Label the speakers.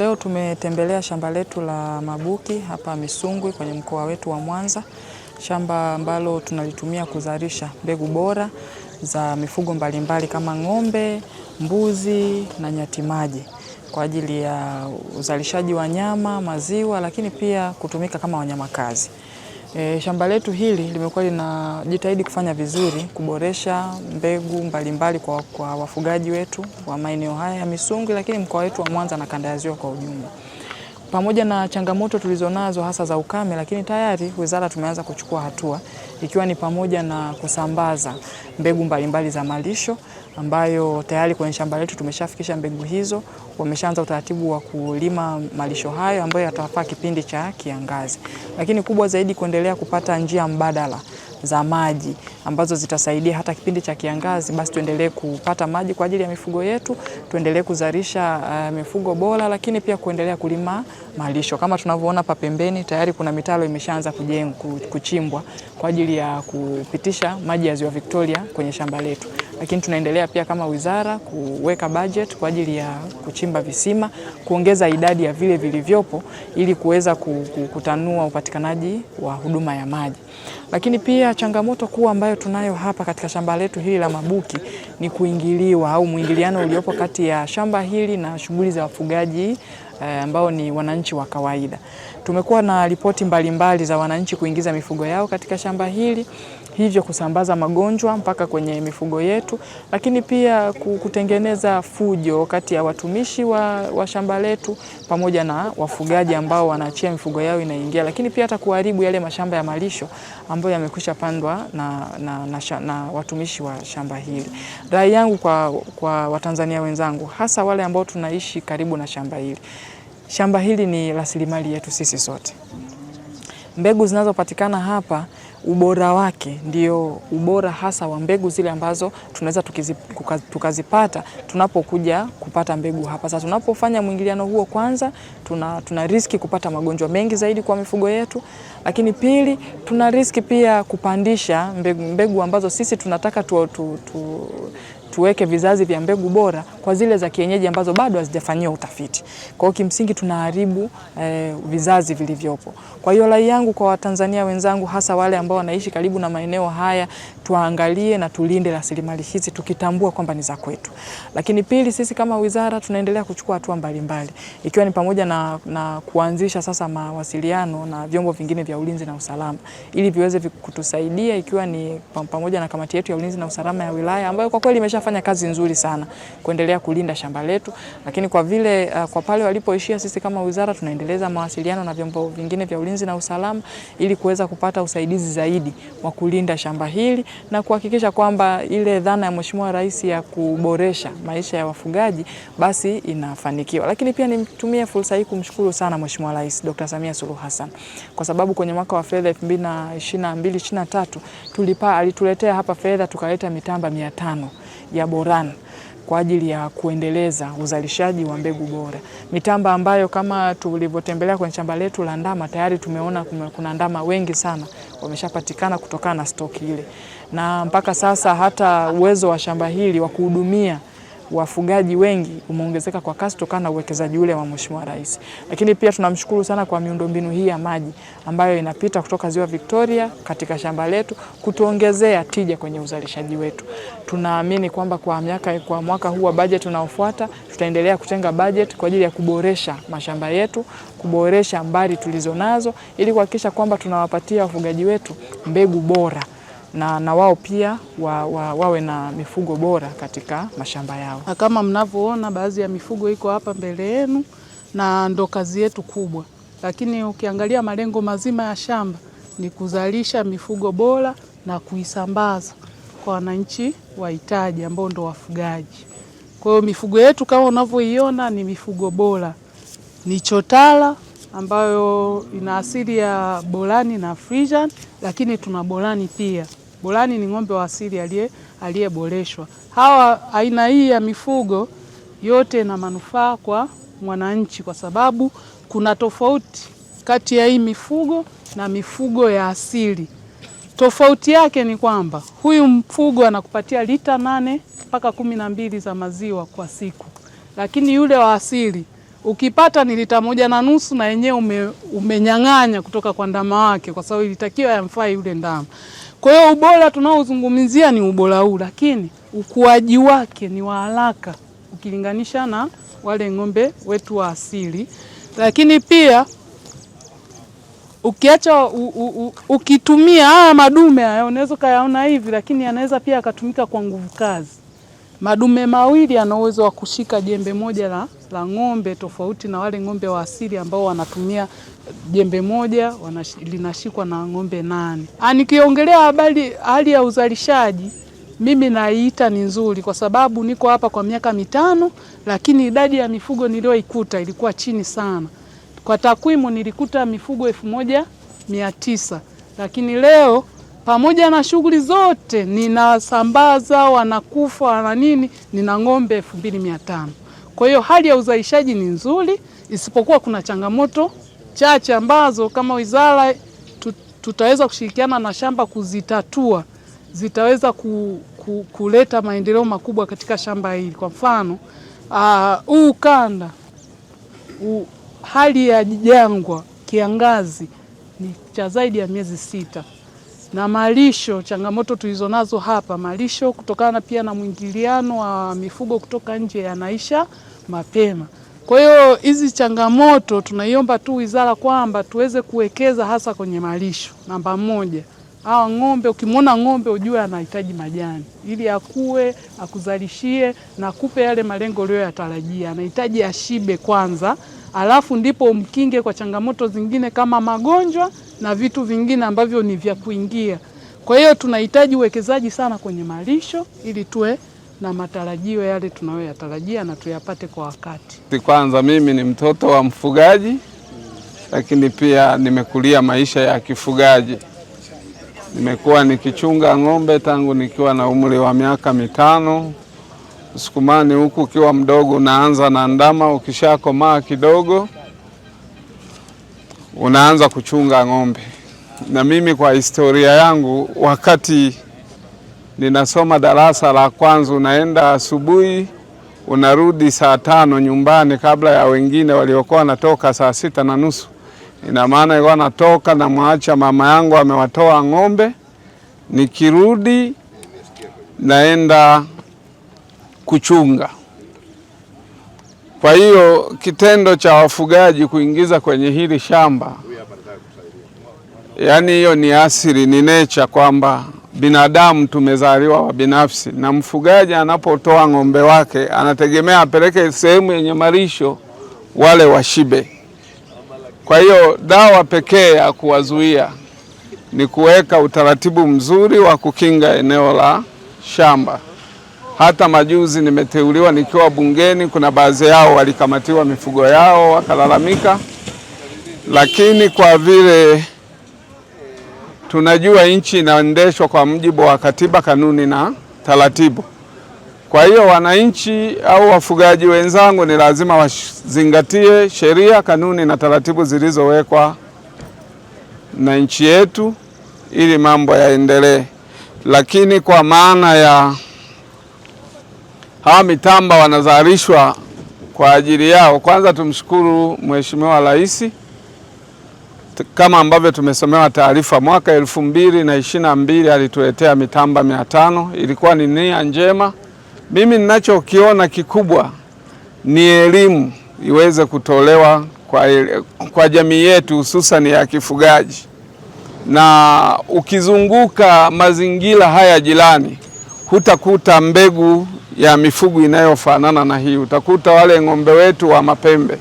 Speaker 1: leo tumetembelea shamba letu la Mabuki hapa Misungwi kwenye mkoa wetu wa Mwanza, shamba ambalo tunalitumia kuzalisha mbegu bora za mifugo mbalimbali kama ng'ombe, mbuzi na nyati maji kwa ajili ya uzalishaji wa nyama, maziwa, lakini pia kutumika kama wanyamakazi. E, shamba letu hili limekuwa linajitahidi kufanya vizuri kuboresha mbegu mbalimbali kwa, kwa wafugaji wetu wa maeneo haya ya Misungwi, lakini mkoa wetu wa Mwanza na kanda ya Ziwa kwa ujumla. Pamoja na changamoto tulizonazo hasa za ukame, lakini tayari wizara tumeanza kuchukua hatua ikiwa ni pamoja na kusambaza mbegu mbalimbali za malisho ambayo tayari kwenye shamba letu tumeshafikisha mbegu hizo. Wameshaanza utaratibu wa kulima malisho hayo ambayo yatafaa kipindi cha kiangazi, lakini kubwa zaidi kuendelea kupata njia mbadala za maji ambazo zitasaidia hata kipindi cha kiangazi, basi tuendelee kupata maji kwa ajili ya mifugo yetu, tuendelee kuzalisha uh, mifugo bora, lakini pia kuendelea kulima malisho. Kama tunavyoona pa pembeni tayari kuna mitaro imeshaanza kujengwa, kuchimbwa kwa ajili ya kupitisha maji ya Ziwa Victoria kwenye shamba letu, lakini tunaendelea pia kama wizara kuweka budget kwa ajili ya kuchimba visima, kuongeza idadi ya vile vilivyopo ili kuweza kutanua upatikanaji wa huduma ya maji, lakini pia ya changamoto kuu ambayo tunayo hapa katika shamba letu hili la Mabuki ni kuingiliwa au mwingiliano uliopo kati ya shamba hili na shughuli za wafugaji eh, ambao ni wananchi wa kawaida. Tumekuwa na ripoti mbalimbali za wananchi kuingiza mifugo yao katika shamba hili hivyo kusambaza magonjwa mpaka kwenye mifugo yetu, lakini pia kutengeneza fujo kati ya watumishi wa, wa shamba letu pamoja na wafugaji ambao wanaachia mifugo yao inaingia, lakini pia hata kuharibu yale mashamba ya malisho ambayo yamekwisha pandwa na, na, na, na, na watumishi wa shamba hili. Rai yangu kwa, kwa Watanzania wenzangu hasa wale ambao tunaishi karibu na shamba hili, shamba hili ni rasilimali yetu sisi sote. Mbegu zinazopatikana hapa ubora wake ndio ubora hasa wa mbegu zile ambazo tunaweza tukazipata tunapokuja kupata mbegu hapa. Sasa tunapofanya mwingiliano huo, kwanza tuna, tuna riski kupata magonjwa mengi zaidi kwa mifugo yetu, lakini pili tuna riski pia kupandisha mbegu, mbegu ambazo sisi tunataka tu, tu, tu, tuweke vizazi vya mbegu bora kwa zile za kienyeji ambazo bado hazijafanyiwa utafiti. Kwa hiyo kimsingi tunaharibu eh, vizazi vilivyopo. Kwa hiyo rai yangu kwa Watanzania wenzangu, hasa wale ambao wanaishi karibu na maeneo haya, tuangalie na tulinde rasilimali hizi tukitambua kwamba ni za kwetu. Lakini pili, sisi kama wizara tunaendelea kuchukua hatua mbalimbali ikiwa ni pamoja na, na kuanzisha sasa mawasiliano na vyombo vingine vya ulinzi na usalama ili viweze kutusaidia ikiwa ni pamoja na kamati yetu ya ulinzi na usalama ya wilaya ambayo kwa kweli imeshafanya kazi nzuri sana kuendelea tunaendelea kulinda shamba letu, lakini kwa vile uh, kwa pale walipoishia, sisi kama wizara tunaendeleza mawasiliano na vyombo vingine vya ulinzi na usalama ili kuweza kupata usaidizi zaidi wa kulinda shamba hili na kuhakikisha kwamba ile dhana ya Mheshimiwa Rais ya kuboresha maisha ya wafugaji basi inafanikiwa. Lakini pia nimtumie fursa hii kumshukuru sana Mheshimiwa Rais Dr. Samia Suluhu Hassan kwa sababu kwenye mwaka wa fedha 2022 23 tulipa alituletea hapa fedha tukaleta mitamba 500 ya Boran kwa ajili ya kuendeleza uzalishaji wa mbegu bora. Mitamba ambayo kama tulivyotembelea kwenye shamba letu la ndama tayari tumeona kuna ndama wengi sana wameshapatikana kutokana na stoki ile, na mpaka sasa hata uwezo wa shamba hili wa kuhudumia wafugaji wengi umeongezeka kwa kasi kutokana na uwekezaji ule wa Mheshimiwa Rais. Lakini pia tunamshukuru sana kwa miundombinu hii ya maji ambayo inapita kutoka Ziwa Victoria katika shamba letu kutuongezea tija kwenye uzalishaji wetu. Tunaamini kwamba kwa miaka kwa mwaka huu wa bajeti unaofuata tutaendelea kutenga bajeti kwa ajili ya kuboresha mashamba yetu, kuboresha mbali tulizonazo ili kuhakikisha kwamba tunawapatia wafugaji wetu mbegu bora na, na wao pia wa, wa, wawe na mifugo bora katika mashamba yao.
Speaker 2: Kama mnavyoona baadhi ya mifugo iko hapa mbele yenu na ndo kazi yetu kubwa, lakini ukiangalia malengo mazima ya shamba ni kuzalisha mifugo bora na kuisambaza kwa wananchi wahitaji ambao ndo wafugaji. Kwa hiyo mifugo yetu kama unavyoiona ni mifugo bora, ni chotara ambayo ina asili ya Bolani na Frisian, lakini tuna Bolani pia borani ni ng'ombe wa asili aliyeboreshwa. Hawa aina hii ya mifugo yote ina manufaa kwa mwananchi, kwa sababu kuna tofauti kati ya hii mifugo na mifugo ya asili. Tofauti yake ni kwamba huyu mfugo anakupatia lita nane mpaka kumi na mbili za maziwa kwa siku, lakini yule wa asili ukipata ni lita moja na nusu na yenyewe ume, umenyang'anya kutoka kwa ndama wake, kwa sababu ilitakiwa yamfai yule ndama. Kwa hiyo ubora tunaozungumzia ni ubora huu, lakini ukuaji wake ni wa haraka ukilinganisha na wale ng'ombe wetu wa asili, lakini pia ukiacha u, u, u, ukitumia haya madume haya unaweza ukayaona hivi, lakini anaweza pia akatumika kwa nguvu kazi. Madume mawili ana uwezo wa kushika jembe moja la, la ng'ombe tofauti na wale ng'ombe wa asili ambao wanatumia jembe moja wanash, linashikwa na ng'ombe nane. Ah, nikiongelea habari hali ya uzalishaji mimi naiita ni nzuri kwa sababu niko hapa kwa miaka mitano, lakini idadi ya mifugo niliyoikuta ilikuwa chini sana. Kwa takwimu nilikuta mifugo elfu moja mia tisa lakini leo pamoja na shughuli zote, ninasambaza wanakufa wana nini, nina ng'ombe elfu mbili mia tano. Kwa hiyo hali ya uzalishaji ni nzuri, isipokuwa kuna changamoto chache ambazo kama wizara tutaweza kushirikiana na shamba kuzitatua, zitaweza ku, ku, kuleta maendeleo makubwa katika shamba hili. Kwa mfano ah, huu uh, ukanda uh, hali ya jangwa kiangazi ni cha zaidi ya miezi sita na malisho. Changamoto tulizonazo hapa malisho, kutokana pia na mwingiliano wa mifugo kutoka nje, yanaisha mapema. Kwa hiyo hizi changamoto tunaiomba tu wizara kwamba tuweze kuwekeza hasa kwenye malisho. Namba moja, hawa ng'ombe, ukimwona ng'ombe ujue anahitaji majani ili akue, akuzalishie na kupe yale malengo uliyoyatarajia. Anahitaji ashibe kwanza alafu ndipo umkinge kwa changamoto zingine kama magonjwa na vitu vingine ambavyo ni vya kuingia. Kwa hiyo tunahitaji uwekezaji sana kwenye malisho ili tuwe na matarajio yale tunayoyatarajia na tuyapate kwa wakati.
Speaker 3: Kwanza mimi ni mtoto wa mfugaji, lakini pia nimekulia maisha ya kifugaji. Nimekuwa nikichunga ng'ombe tangu nikiwa na umri wa miaka mitano msukumani huku ukiwa mdogo unaanza na ndama, ukishakomaa kidogo unaanza kuchunga ng'ombe. Na mimi kwa historia yangu, wakati ninasoma darasa la kwanza, unaenda asubuhi unarudi saa tano nyumbani kabla ya wengine waliokuwa wanatoka saa sita na nusu. Ina maana ilikuwa natoka namwacha mama yangu amewatoa ng'ombe, nikirudi naenda kuchunga. Kwa hiyo kitendo cha wafugaji kuingiza kwenye hili shamba, yaani hiyo ni asili, ni nature kwamba binadamu tumezaliwa wa binafsi na mfugaji anapotoa ng'ombe wake anategemea apeleke sehemu yenye malisho wale washibe. Kwa hiyo dawa pekee ya kuwazuia ni kuweka utaratibu mzuri wa kukinga eneo la shamba. Hata majuzi nimeteuliwa nikiwa bungeni, kuna baadhi yao walikamatiwa mifugo yao wakalalamika, lakini kwa vile tunajua nchi inaendeshwa kwa mujibu wa katiba, kanuni na taratibu. Kwa hiyo wananchi au wafugaji wenzangu ni lazima wazingatie sheria, kanuni na taratibu zilizowekwa na nchi yetu ili mambo yaendelee, lakini kwa maana ya hawa mitamba wanazalishwa kwa ajili yao. Kwanza tumshukuru Mheshimiwa Rais, kama ambavyo tumesomewa taarifa, mwaka elfu mbili na ishirini na mbili alituletea mitamba mia tano. Ilikuwa ni nia njema. Mimi ninachokiona kikubwa ni elimu iweze kutolewa kwa, kwa jamii yetu hususan ya kifugaji, na ukizunguka mazingira haya jirani hutakuta mbegu ya mifugo inayofanana na hii. Utakuta wale ng'ombe wetu wa mapembe